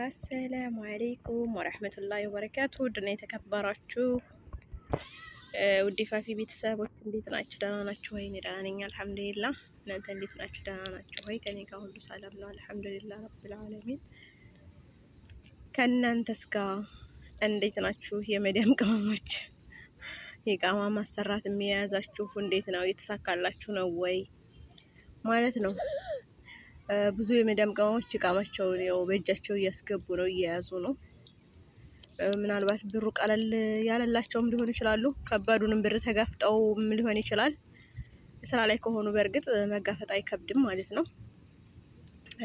አሰላሙ አለይኩም ወረህመቱላሂ ወበረካቱ። ውድና የተከበራችሁ ውድ ፋፊ ቤተሰቦች እንዴት ናችሁ? ደህና ናችሁ ወይ? እኔ ደህና ነኝ አልሐምዱሊላህ። እናንተ እንዴት ናችሁ? ደህና ናችሁ ወይ? ከኔ ጋር ሁሉ ሰላም ነው አልሐምዱሊላህ ረብል ዓለሚን። ከእናንተስ ጋር እንዴት ናችሁ? የመዲያም ቅመሞች የቃማ ማሰራት የሚያያዛችሁ እንዴት ነው? የተሳካላችሁ ነው ወይ ማለት ነው ብዙ የመዳም ቅመሞች እቃማቸውን ያው በእጃቸው እያስገቡ ነው፣ እየያዙ ነው። ምናልባት ብሩ ቀለል ያለላቸውም ሊሆን ይችላሉ። ከባዱንም ብር ተጋፍጠውም ሊሆን ይችላል። ስራ ላይ ከሆኑ በእርግጥ መጋፈጥ አይከብድም ማለት ነው።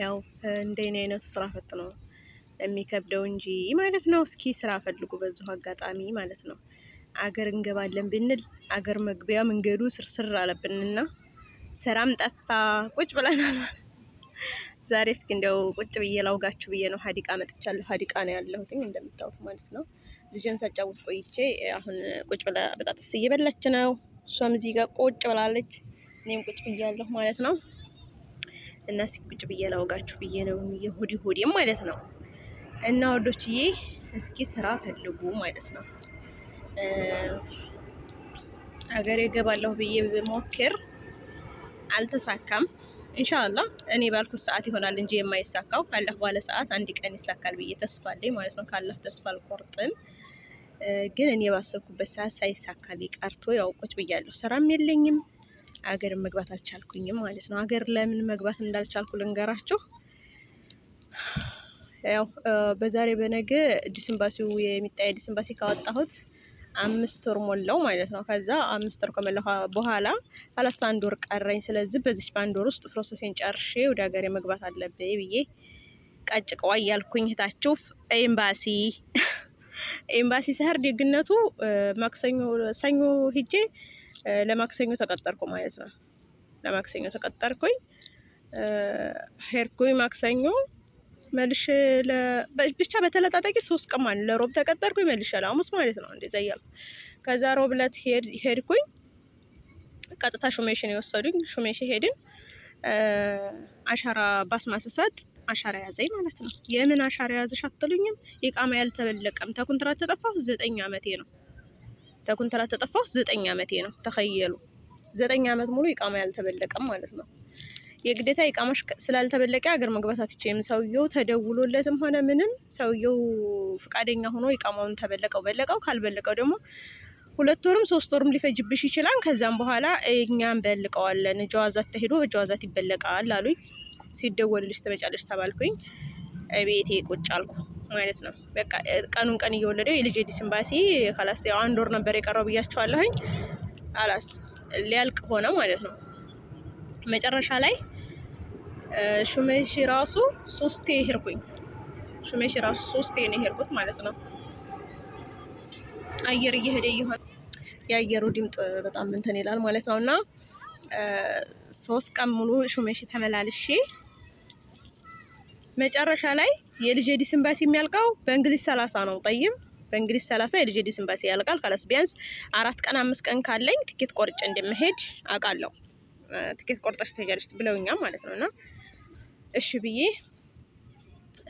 ያው እንደኔ አይነቱ ስራ ፈት ነው የሚከብደው እንጂ ማለት ነው። እስኪ ስራ ፈልጉ በዚሁ አጋጣሚ ማለት ነው። አገር እንገባለን ብንል አገር መግቢያ መንገዱ ስርስር አለብንና ስራም ጠፋ ቁጭ ብለናል። ዛሬ እስኪ እንደው ቁጭ ብዬ ላውጋችሁ ብዬ ነው ሀዲቃ መጥቻለሁ። ሀዲቃ ነው ያለሁት እንደምታዩት ማለት ነው። ልጅን ሳጫውት ቆይቼ አሁን ቁጭ ብላ በጣጥስ እየበላች ነው። እሷም እዚህ ጋር ቁጭ ብላለች፣ እኔም ቁጭ ብያለሁ ማለት ነው። እና እስኪ ቁጭ ብዬ ላውጋችሁ ብዬ ነው የሆዲ ሆዴም ማለት ነው። እና ወዶችዬ እስኪ ስራ ፈልጉ ማለት ነው። አገሬ እገባለሁ ብዬ ብሞክር አልተሳካም። ኢንሻአላህ እኔ ባልኩት ሰዓት ይሆናል እንጂ የማይሳካው ካላህ ባለ ሰዓት አንድ ቀን ይሳካል ብዬ ተስፋ አለኝ ማለት ነው። ካላህ ተስፋ አልቆርጥም፣ ግን እኔ ባሰብኩበት ሰዓት ሳይሳካል ቀርቶ ያው ቁጭ ብያለሁ። ስራም የለኝም፣ አገር መግባት አልቻልኩኝም ማለት ነው። አገር ለምን መግባት እንዳልቻልኩ ልንገራችሁ። ያው በዛሬ በነገ ዲስ የሚታይ የሚጣይ ካወጣሁት አምስት ወር ሞላው ማለት ነው። ከዛ አምስት ወር ከሞላ በኋላ አላሳ አንድ ወር ቀረኝ። ስለዚህ በዚች በአንድ ወር ውስጥ ፕሮሰሴን ጨርሼ ወደ ሀገሬ መግባት አለብኝ ብዬ ቀጭቀዋ እያልኩኝ እህታችሁ ኤምባሲ ኤምባሲ ሰህር ደግነቱ ማክሰኞ ሰኞ ሂጄ ለማክሰኞ ተቀጠርኩ ማለት ነው። ለማክሰኞ ተቀጠርኩኝ ሄድኩኝ ማክሰኞ መልሽ ብቻ በተለጣጣቂ ሶስት ቀን ማለት ለሮብ ተቀጠርኩኝ፣ መልሼ ለሐሙስ ማለት ነው እንደዛ እያልኩ ከዛ ሮብ ዕለት ሄድኩኝ። ቀጥታ ሹሜሽን የወሰዱኝ ሹሜሽ ሄድን። አሻራ ባስማስሰጥ አሻራ ያዘኝ ማለት ነው። የምን አሻራ ያዘሽ አትሉኝም? ኢቃማ ያልተበለቀም ተኩንትራት ተጠፋሁ ዘጠኝ አመቴ ነው። ተኩንትራት ተጠፋሁ ዘጠኝ አመቴ ነው። ተኸየሉ ዘጠኝ አመት ሙሉ ኢቃማ ያልተበለቀም ማለት ነው። የግዴታ ይቃማሽ ስላልተበለቀ ሀገር መግባት አትችም። ሰውየው ተደውሎለትም ሆነ ምንም ሰውየው ፈቃደኛ ሆኖ ይቃማውን ተበለቀው በለቀው፣ ካልበለቀው ደግሞ ሁለት ወርም ሶስት ወርም ሊፈጅብሽ ይችላል። ከዛም በኋላ እኛ እንበልቀዋለን፣ ጀዋዛት ተሄዶ በጀዋዛት ይበለቃል አሉኝ። ሲደወልልሽ ትመጫለሽ ተባልኩኝ። ቤቴ ቁጭ አልኩ ማለት ነው። በቃ ቀኑን ቀን እየወለደው የልጅ ዲስ ኤምባሲ ካላስ ያው አንድ ወር ነበር የቀረው ብያቸዋለሁኝ። አላስ ሊያልቅ ሆነ ማለት ነው መጨረሻ ላይ ሹሜሽ ራሱ ሶስቴ ሄድኩኝ። ሹሜሽ ራሱ ሶስቴ ነው ሄድኩት ማለት ነው። አየር እየሄደ ይሆን የአየሩ ድምፅ በጣም እንትን ይላል ማለት ነው። እና ሶስት ቀን ሙሉ ሹሜሽ ተመላልሼ መጨረሻ ላይ የልጄ ዲስ ኤምባሲ የሚያልቀው በእንግሊዝ ሰላሳ ነው ጠይም በእንግሊዝ ሰላሳ የልጄ ዲስ ኤምባሲ ያልቃል። ካለስ ቢያንስ አራት ቀን አምስት ቀን ካለኝ ትኬት ቆርጬ እንደምሄድ አውቃለሁ። ትኬት ቆርጠሽ ትሄጃለሽ ብለውኛል ማለት ነውና እሺ ብዬ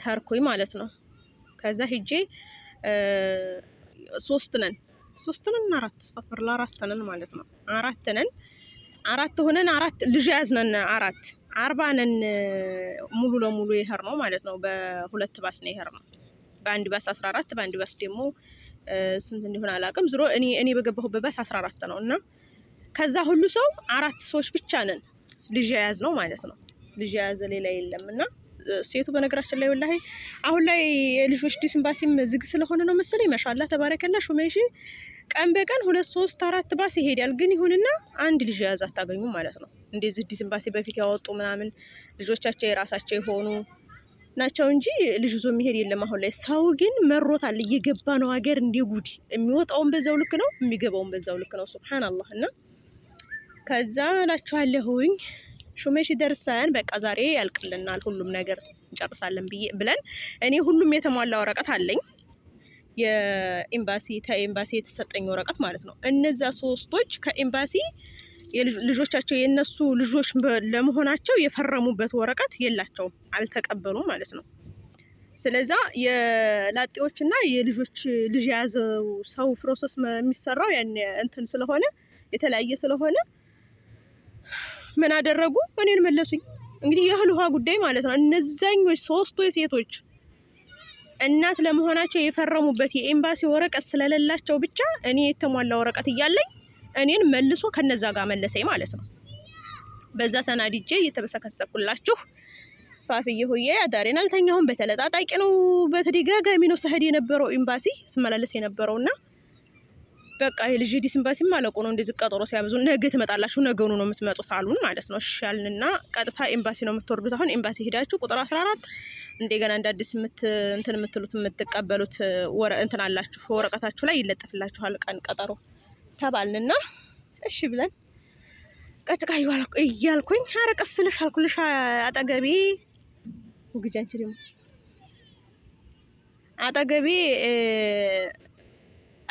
ሀርኮኝ ማለት ነው። ከዛ ሂጄ ሶስት ነን ሶስት ነን አራት ሰፈር ለአራት ነን ማለት ነው። አራት ነን አራት ሆነን አራት ልጅ ያዝነን አራት አርባ ነን ሙሉ ለሙሉ ይሄር ነው ማለት ነው። በሁለት ባስ ነው ይሄር ነው። በአንድ ባስ 14 በአንድ ባስ ደግሞ ስንት እንደሆነ አላውቅም። ዝሮ እኔ እኔ በገባሁበት ባስ 14 ነው እና ከዛ ሁሉ ሰው አራት ሰዎች ብቻ ነን ልጅ የያዝ ነው ማለት ነው። ልጅ የያዘ ሌላ የለም እና ሴቱ በነገራችን ላይ ወላሂ አሁን ላይ የልጆች ዲስ ኤምባሲም ዝግ ስለሆነ ነው መሰለኝ። ማሻአላ ተባረከላ ሹመሺ ቀን በቀን ሁለት ሶስት አራት ባስ ይሄዳል። ግን ይሁንና አንድ ልጅ የያዘ አታገኙም ማለት ነው። እንደዚህ ዲስ ኤምባሲ በፊት ያወጡ ምናምን ልጆቻቸው የራሳቸው የሆኑ ናቸው እንጂ ልጅ ይዞ የሚሄድ የለም። አሁን ላይ ሰው ግን መሮታል። እየገባ ነው ሀገር እንደ ጉድ። የሚወጣውን በዛው ልክ ነው፣ የሚገባውን በዛው ልክ ነው። ሱብሃንአላህ እና ከዛ እላችኋለሁኝ ሹሜሽ ደርሰን በቃ ዛሬ ያልቅልናል ሁሉም ነገር እንጨርሳለን ብዬ ብለን እኔ ሁሉም የተሟላ ወረቀት አለኝ የኤምባሲ ከኤምባሲ የተሰጠኝ ወረቀት ማለት ነው። እነዛ ሶስቶች ከኤምባሲ ልጆቻቸው የእነሱ ልጆች ለመሆናቸው የፈረሙበት ወረቀት የላቸውም፣ አልተቀበሉም ማለት ነው። ስለዛ የላጤዎች እና የልጆች ልጅ የያዘው ሰው ፕሮሰስ የሚሰራው ያን እንትን ስለሆነ የተለያየ ስለሆነ ምን አደረጉ? እኔን መለሱኝ። እንግዲህ የእህል ውሃ ጉዳይ ማለት ነው። እነዛኞች ሶስቱ ሴቶች እናት ለመሆናቸው የፈረሙበት የኤምባሲ ወረቀት ስለሌላቸው ብቻ እኔ የተሟላ ወረቀት እያለኝ እኔን መልሶ ከነዛ ጋር መለሰኝ ማለት ነው። በዛ ተናድጄ እየተበሰከሰኩላችሁ ፋፍዬ ሆዬ አዳሬን አልተኛሁም። በተለጣጣቂ ነው፣ በተደጋጋሚ ነው ስሄድ የነበረው ኤምባሲ ስመላለስ የነበረውና በቃ የልጅ ዲስ ኤምባሲም ማለቁ ነው እንደዚህ ቀጠሮ ሲያብዙ ነገ ትመጣላችሁ፣ ነገኑ ነው የምትመጡት አሉን ማለት ነው። እሺ አልንና ቀጥታ ኤምባሲ ነው የምትወርዱት። አሁን ኤምባሲ ሄዳችሁ ቁጥር 14 እንደገና እንደ አዲስ ምት እንትን የምትሉት የምትቀበሉት ወረ እንትን አላችሁ ወረቀታችሁ ላይ ይለጠፍላችኋል ቀን ቀጠሮ ተባልንና እሺ ብለን ቀጭቃ እያልኩኝ ኧረ ቀስ ልሽ አልኩልሽ አጠገቤ ውግጃንች ደግሞ አጠገቤ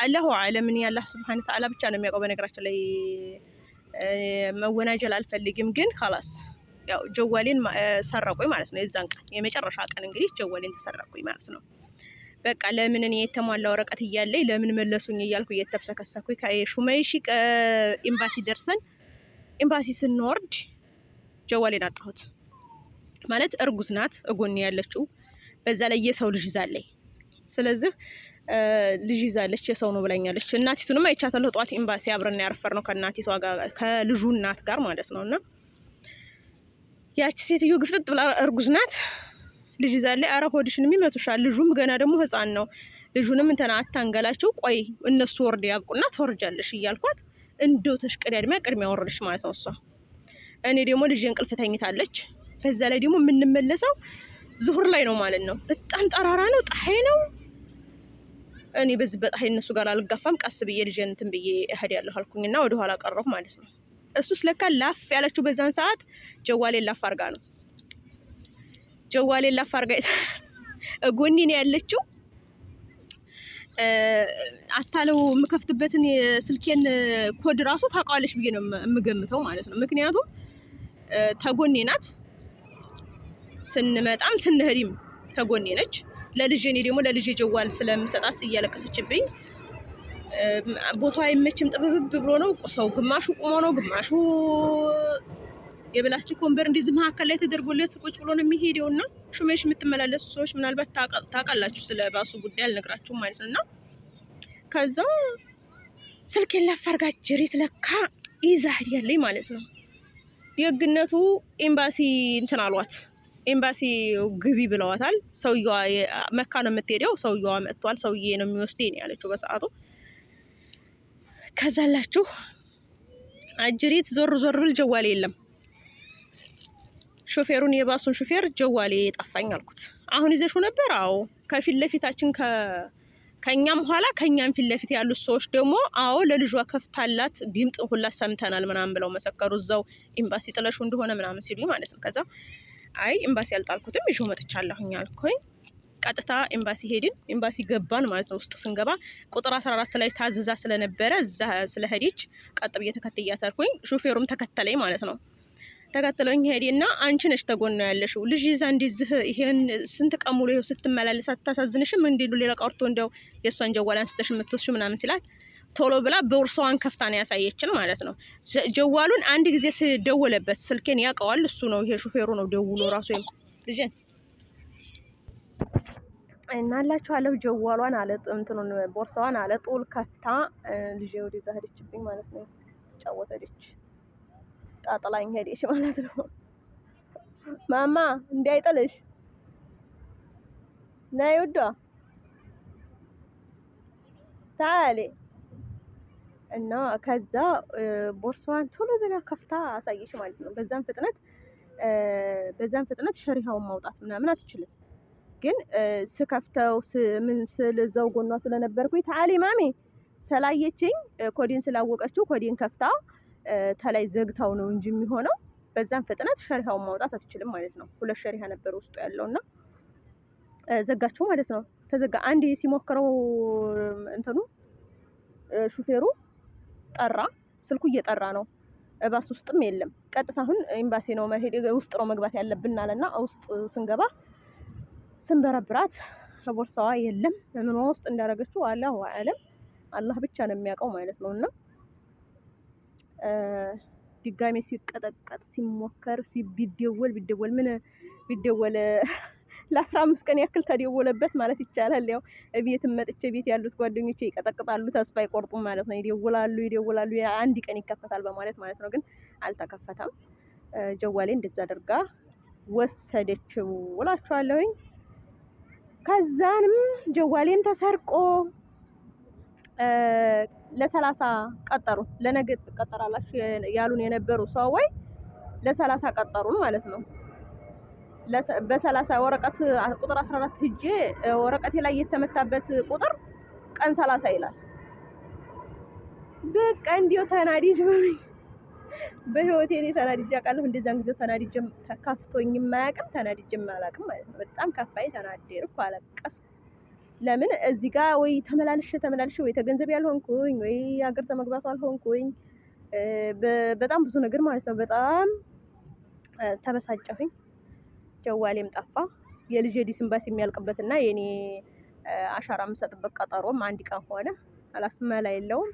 አላሁ አለም እኔ አላህ ተዓላ ብቻ ነው የሚያውቀው። በነገራችን ላይ መወናጀል አልፈልግም፣ ግን ካላስ ያው ጀዋሌን ሰረቁኝ ማለት ነው። የዛን ቀን የመጨረሻ ቀን እንግዲህ ጀዋሌን ተሰረቁኝ ማለት ነው። በቃ ለምን እኔ የተሟላ ወረቀት እያለኝ ለምን መለሱኝ እያልኩ እየተብሰከሰኩኝ ከሹመይሺ ኤምባሲ ደርሰን ኤምባሲ ስንወርድ ጀዋሌን አጣሁት ማለት እርጉዝ ናት እጎን ያለችው በዛ ላይ የሰው ልጅ ይዛለኝ ስለዚህ ልጅ ይዛለች የሰው ነው ብላኛለች። እናቲቱንም አይቻታለሁ። ጠዋት ኤምባሲ አብረን ያረፈር ነው ከእናቲቷ ጋር ከልጁ እናት ጋር ማለት ነው። እና ያቺ ሴትዮ ግፍጥጥ ብላ እርጉዝ ናት፣ ልጅ ይዛለች። አረ ሆድሽንም ይመቱሻል። ልጁም ገና ደግሞ ህፃን ነው። ልጁንም እንትና አታንገላቸው። ቆይ እነሱ ወርድ ያብቁና ተወርጃለሽ እያልኳት እንደው ተሽቀዳድማ ቅድሚያ ወረደች ማለት ነው እሷ። እኔ ደግሞ ልጅ እንቅልፍ ተኝታለች። በዛ ላይ ደግሞ የምንመለሰው ዙሁር ላይ ነው ማለት ነው። በጣም ጠራራ ነው፣ ፀሐይ ነው እኔ በዚህ በጣሄ እነሱ ጋር አልጋፋም፣ ቀስ ብዬ ልጄን እንትን ብዬ እህድ ያለሁ አልኩኝና ወደኋላ ቀረሁ ማለት ነው። እሱስ ለካ ላፍ ያለችው በዛን ሰዓት ጀዋሌ ላፍ አርጋ ነው። ጀዋሌ ላፍ አርጋ ጎኒ ነው ያለችው። አታለው የምከፍትበትን የስልኬን ኮድ ራሱ ታውቀዋለች ብዬ ነው የምገምተው ማለት ነው። ምክንያቱም ተጎኔ ናት፣ ስንመጣም ስንሄድም ተጎኔ ነች። ለልጄ እኔ ደግሞ ለልጄ ጀዋል ስለምሰጣት እያለቀሰችብኝ ቦታው አይመችም። ጥብብብ ብሎ ነው ሰው ግማሹ ቁሞ ነው፣ ግማሹ የፕላስቲክ ወንበር እንደዚህ መካከል ላይ ተደርጎለት ቁጭ ብሎ ነው የሚሄደው። እና ሹሜሽ የምትመላለሱ ሰዎች ምናልባት ታውቃላችሁ፣ ስለ ባሱ ጉዳይ አልነግራችሁም ማለት ነው። እና ከዛ ስልኬን ለፍ ጅሪት ለካ ይዛ ያለኝ ማለት ነው። ደግነቱ ኤምባሲ እንትን አሏት ኤምባሲ ግቢ ብለዋታል። ሰውየዋ መካ ነው የምትሄደው። ሰውየዋ መጥቷል። ሰውዬ ነው የሚወስደኝ ያለችው በሰዓቱ። አላችሁ አጅሪት ዞር ዞር ብል ጀዋሌ የለም። ሾፌሩን የባሱን ሾፌር ጀዋሌ ጠፋኝ አልኩት። አሁን ይዘሹ ነበር? አዎ ከፊት ለፊታችን ከእኛም ከኛም ኋላ ከኛም ፊት ለፊት ያሉት ሰዎች ደግሞ አዎ ለልጇ ከፍታላት ድምፅ ሁላ ሰምተናል ምናምን ብለው መሰከሩ። እዛው ኤምባሲ ጥለሹ እንደሆነ ምናምን ሲሉ ማለት ነው ከዛ አይ ኤምባሲ ያልጣልኩትም ይዤው መጥቻለሁኝ አልኩኝ። ቀጥታ ኤምባሲ ሄድን። ኤምባሲ ገባን ማለት ነው። ውስጥ ስንገባ ቁጥር አስራ አራት ላይ ታዝዛ ስለነበረ እዛ ስለሄደች ቀጥ ብዬ ተከትያታልኩኝ። ሹፌሩም ተከተለኝ ማለት ነው። ተከትለኝ ሄዴ ሄዴና አንቺ ነሽ ተጎና ያለሽው ልጅ ይዛ እንዲዝህ ይሄን ስንት ቀሙሎ ሙሉ ይኸው ስትመላለስ አታሳዝንሽም? እንዲሉ ሌላ ቀርቶ እንዲያው የእሷን ጀዋላ አንስተሽ የምትወስሽ ምናምን ሲላት ቶሎ ብላ ቦርሳዋን ከፍታ ነው ያሳየችን ማለት ነው። ጀዋሉን አንድ ጊዜ ስደወለበት ስልኬን ያውቀዋል እሱ ነው ይሄ ሹፌሩ ነው ደውሎ ራሱ ልጅን እናላችኋለሁ። ጀዋሏን አለ እንትኑን ቦርሳዋን አለ ጦል ከፍታ ልጄ ወደዛ ሄደችብኝ ማለት ነው። ጫወት ሄደች፣ ጣጥላኝ ሄደች ማለት ነው። ማማ እንዳይጥልሽ ናይ ውዷ ታሌ እና ከዛ ቦርሳዋን ቶሎ ብላ ከፍታ አሳየች ማለት ነው። በዛም ፍጥነት በዛም ፍጥነት ሸሪሃውን ማውጣት ምናምን አትችልም። ግን ስከፍተው ምን ስል እዛው ጎኗ ስለነበርኩኝ ታአሊ ማሜ ስላየችኝ ኮዴን ስላወቀችው ኮዴን ከፍታ ተላይ ዘግታው ነው እንጂ የሚሆነው በዛም ፍጥነት ሸሪሃውን ማውጣት አትችልም ማለት ነው። ሁለት ሸሪሃ ነበር ውስጡ እና ዘጋቸው ማለት ነው። ተዘጋ። አንዴ ሲሞክረው እንትኑ ሹፌሩ ጠራ። ስልኩ እየጠራ ነው። ባስ ውስጥም የለም። ቀጥታ አሁን ኤምባሲ ነው መሄድ ውስጥ ነው መግባት ያለብን አለና ውስጥ ስንገባ ስንበረብራት ቦርሳዋ የለም። ምኗ ውስጥ እንዳደረገችው አላሁ አለም አላህ ብቻ ነው የሚያውቀው ማለት ነው። እና ድጋሜ ሲቀጠቀጥ ሲሞከር ቢደወል ቢደወል ምን ቢደወል ለአስራ አምስት ቀን ያክል ተደወለበት ማለት ይቻላል። ያው ቤት መጥቼ ቤት ያሉት ጓደኞች ይቀጠቅጣሉ፣ ተስፋ አይቆርጡም ማለት ነው። ይደውላሉ ይደውላሉ፣ አንድ ቀን ይከፈታል በማለት ማለት ነው። ግን አልተከፈተም። ጀዋሌ እንደዛ አድርጋ ወሰደችው እላችኋለሁኝ። ከዛንም ጀዋሌን ተሰርቆ ለሰላሳ ቀጠሩ ለነገ ትቀጠራላችሁ ያሉን የነበሩ ሰው ወይ ለሰላሳ ቀጠሩን ማለት ነው። በሰላሳ ወረቀት ቁጥር 14 ሂጄ ወረቀቴ ላይ የተመታበት ቁጥር ቀን ሰላሳ ይላል። በቃ እንዲሁ ተናዲጅ በህይወቴ እኔ ተናዲጅ አውቃለሁ። እንደዛን ጊዜ ተናዲጅ ተካፍቶኝ ማያቅም ተናዲጅ አላውቅም ማለት ነው። በጣም ከፋይ ተናደርኩ፣ አለቀስኩ። ለምን እዚህ ጋር ወይ ተመላልሼ ተመላልሼ ወይ ተገንዘብ ያልሆንኩኝ ወይ ሀገር ተመግባቱ አልሆንኩኝ። በጣም ብዙ ነገር ማለት ነው። በጣም ተበሳጨሁኝ። ጀዋሌም ጠፋ። የልጄ ዲስምባስ የሚያልቅበትና የኔ አሻራ የምሰጥበት ቀጠሮም አንድ ቀን ሆነ። አላስመላ የለውም።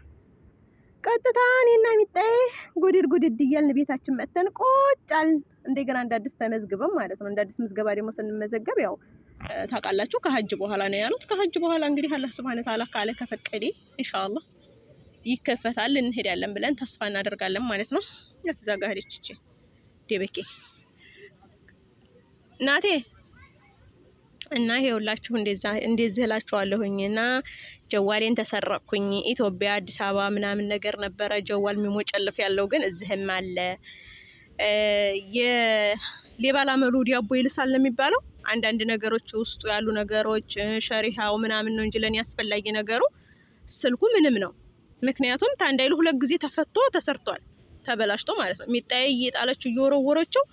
ቀጥታ እኔና ሚጣዬ ጉድድ ጉድድ እያልን ቤታችን መጥተን ቁጭ አልን። እንደገና እንደ አዲስ ተመዝግበም ማለት ነው። እንደ አዲስ ምዝገባ ደግሞ ስንመዘገብ ያው ታውቃላችሁ ከሀጅ በኋላ ነው ያሉት። ከሀጅ በኋላ እንግዲህ አላህ ሱብሃነ ወተዓላ ካለ ከፈቀደ ኢንሻአላህ ይከፈታል እንሄዳለን ብለን ተስፋ እናደርጋለን ማለት ነው። ያትዛጋ ሄደች ይቺ ደበኬ እናቴ እና ይሄውላችሁ እንደዛ እንደዚህ እላችኋለሁኝ። እና ጀዋሌን ተሰረቅኩኝ። ኢትዮጵያ አዲስ አበባ ምናምን ነገር ነበረ ጀዋል የሚሞጨልፍ ያለው ግን እዚህም አለ። የሌባ ላመሉ ዲያቦ ይልሳል ለሚባለው የሚባለው። አንዳንድ ነገሮች ውስጡ ያሉ ነገሮች ሸሪሃው ምናምን ነው እንጂ ለኔ አስፈላጊ ነገሩ ስልኩ ምንም ነው። ምክንያቱም ታንዳይሉ ሁለት ጊዜ ተፈቶ ተሰርቷል፣ ተበላሽቶ ማለት ነው። ሚጣይ እየጣለችው እየወረወረችው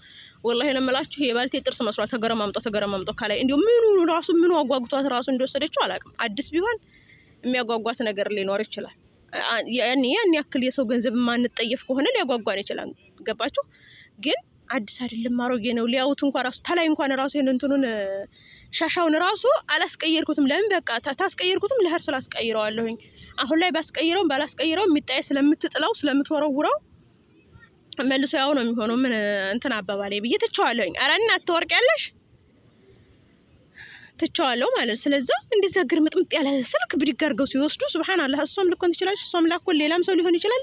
ወላሂ ነው የምላችሁ የባልቴ ጥርስ መስሏል። ተገረማምጦ ተገረማምጦ ከላይ እንዲሁ ምኑ ራሱ ምኑ አጓጉቷት ራሱ እንደወሰደችው አላውቅም። አዲስ ቢሆን የሚያጓጓት ነገር ሊኖር ይችላል። ያን ያን ያክል የሰው ገንዘብ ማንጠየፍ ከሆነ ሊያጓጓን ይችላል። ገባችሁ? ግን አዲስ አይደለም አሮጌ ነው። ሊያዩት እንኳን ራሱ ተላይ እንኳን ራሱ ይሄን እንትኑን ሻሻውን ራሱ አላስቀየርኩትም። ለምን በቃ ታስቀየርኩትም ለህር ስላስቀይረዋለሁኝ። አሁን ላይ ባስቀይረውም ባላስቀይረውም የሚጣይ ስለምትጥለው ስለምትወረውረው መልሶ ያው ነው የሚሆነው። ምን እንትን አባባሌ ብዬ ትቸዋለሁኝ። አረ እናት ትወርቅ ያለሽ ትቸዋለሁ ማለት ስለዛ፣ እንደዚያ ግርምጥምጥ ያለ ስልክ ብድግ አድርገው ሲወስዱ ሱብሃንአላህ። እሷም ልኮን ትችላለች፣ እሷም ላኮን ሌላም ሰው ሊሆን ይችላል።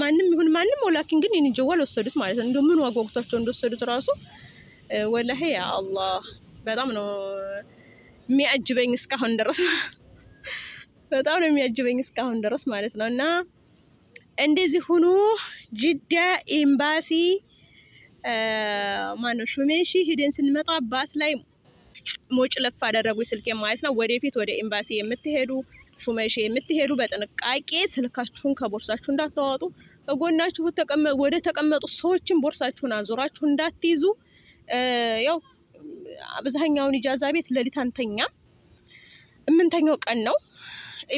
ማንም ይሁን ማንም ወላኪን ግን የኔን ጀዋል ወሰዱት ማለት ነው። እንደው ምን ዋጓጉቷቸው እንደወሰዱት ራሱ ወላሂ ያ አላህ በጣም ነው የሚያጅበኝ እስካሁን ድረስ በጣም ነው የሚያጅበኝ እስካሁን ድረስ ማለት ነው እና እንደዚህ ሁኑ። ጅዳ ኤምባሲ ማነው ሹሜሺ ሂደን ስንመጣ ባስ ላይ ሞጭ ለፍ አደረጉ ስልኬ ማለት ነው። ወደፊት ወደ ኤምባሲ የምትሄዱ ሹሜሺ የምትሄዱ በጥንቃቄ ስልካችሁን ከቦርሳችሁ እንዳታወጡ፣ በጎናችሁ ወደ ተቀመጡ ሰዎችን ቦርሳችሁን አዙራችሁ እንዳትይዙ። ያው አብዛኛውን ኢጃዛ ቤት ሌሊት አንተኛም፣ የምንተኛው ቀን ነው።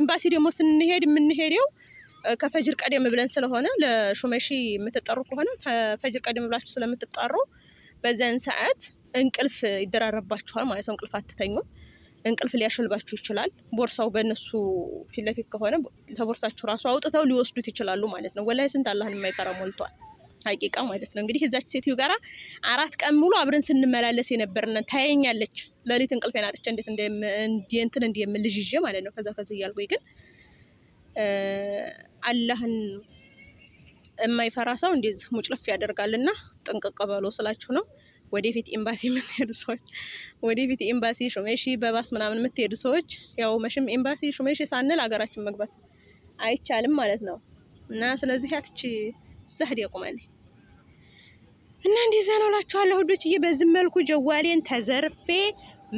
ኤምባሲ ደግሞ ስንሄድ የምንሄደው ከፈጅር ቀደም ብለን ስለሆነ ለሹመሺ የምትጠሩ ከሆነ ከፈጅር ቀደም ብላችሁ ስለምትጠሩ በዛን ሰዓት እንቅልፍ ይደራረባችኋል ማለት ነው። እንቅልፍ አትተኙም። እንቅልፍ ሊያሸልባችሁ ይችላል። ቦርሳው በእነሱ ፊት ለፊት ከሆነ ተቦርሳችሁ ራሱ አውጥተው ሊወስዱት ይችላሉ ማለት ነው። ወላሂ ስንት አላህን የማይፈራ ሞልቷል። ሀቂቃ ማለት ነው። እንግዲህ እዛች ሴትዮ ጋራ አራት ቀን ሙሉ አብረን ስንመላለስ የነበርነን ታየኛለች። ለሊት እንቅልፌን አጥቼ እንዴት እንትን እንደምልዥ ይዤ ማለት ነው። ከዛ ከዚህ እያልኩኝ ግን አላህን የማይፈራ ሰው እንደዚህ ሙጭልፍ ያደርጋልና ጥንቅቅ በሎ ስላችሁ ነው። ወደፊት ኤምባሲ የምትሄዱ ሰዎች ወደፊት ኤምባሲ ሹመሺ በባስ ምናምን የምትሄዱ ሰዎች ያው መሽም ኤምባሲ ሹመሺ ሳንል ሀገራችን መግባት አይቻልም ማለት ነው። እና ስለዚህ ያትች ዘህድ ያቁማል እና እንደዛ ነው እላችኋለሁ ሁዶችዬ። በዚህ መልኩ ጀዋሌን ተዘርፌ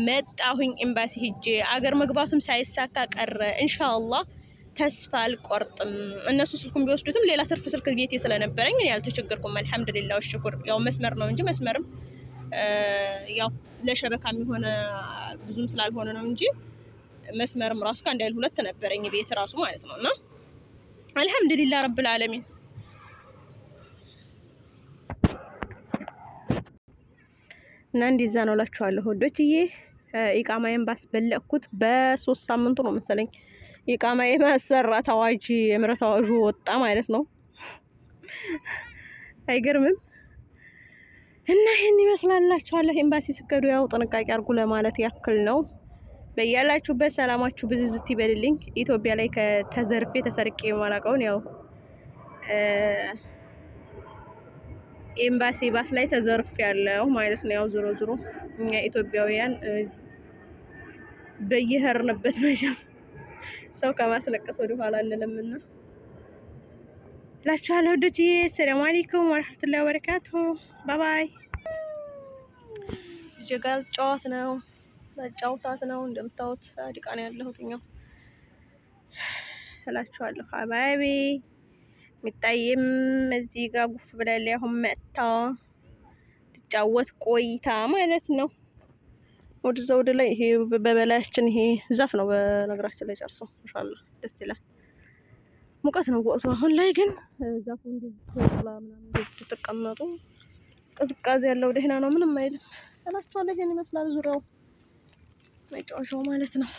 መጣሁኝ ኤምባሲ ሂጄ አገር መግባቱም ሳይሳካ ቀረ ኢንሻአላህ ተስፋ አልቆርጥም። እነሱ ስልኩን ቢወስዱትም ሌላ ትርፍ ስልክ ቤቴ ስለነበረኝ እኔ አልተቸገርኩም። አልሐምድሊላህ ሽኩር። ያው መስመር ነው እንጂ መስመርም ያው ለሸበካ የሚሆነ ብዙም ስላልሆነ ነው እንጂ መስመርም ራሱ ከአንድ አይል ሁለት ነበረኝ ቤት ራሱ ማለት ነው። እና አልሐምድሊላህ ረብል ዓለሚን እና እንዲዛ ነው እላችኋለሁ ወዶችዬ። ኢቃማዬን ባስበለቅኩት በሶስት ሳምንቱ ነው መሰለኝ ይቃማ የማሰራት አዋጅ የምህረት አዋጁ ወጣ ማለት ነው። አይገርምም? እና ይህን ይመስላላችኋለሁ። ኤምባሲ ስገዱ ያው ጥንቃቄ አድርጉ ለማለት ያክል ነው። በያላችሁበት ሰላማችሁ ብዝዝት ይበልልኝ። ኢትዮጵያ ላይ ከተዘርፌ ተሰርቄ የማላውቀውን ያው ኤምባሲ ባስ ላይ ተዘርፍ ያለው ማለት ነው። ያው ዞሮ ዞሮ እኛ ኢትዮጵያውያን በየሄርንበት መቼም ሰው ከማስለቀስ ወደ ወደኋላ አንልምና ላችኋለሁ። ውዶችዬ ሰላም አለይኩም ወረህመቱላሂ ወበረካቱ። ባባይ ጅጋል ጨዋት ነው መጫወታት ነው። እንደምታዩት አዲቃ ነው ያለሁት እኛው እላችኋለሁ። አባቢ የሚታይም እዚህ ጋር ጉፍ ብላል። አሁን መጥታ ትጫወት ቆይታ ማለት ነው። ወደዛ ወደ ላይ ይሄ በበላያችን ይሄ ዛፍ ነው። በነገራችን ላይ ጨርሶ ኢንሻአላ ደስ ይላል። ሙቀት ነው ወቅቱ። አሁን ላይ ግን ዛፉ እንዲጥላ ምናምን ተቀመጡ ቅዝቃዜ ያለው ደህና ነው፣ ምንም አይልም እላችኋለሁ። ይሄን ይመስላል ዙሪያው መጫወሻው ማለት ነው።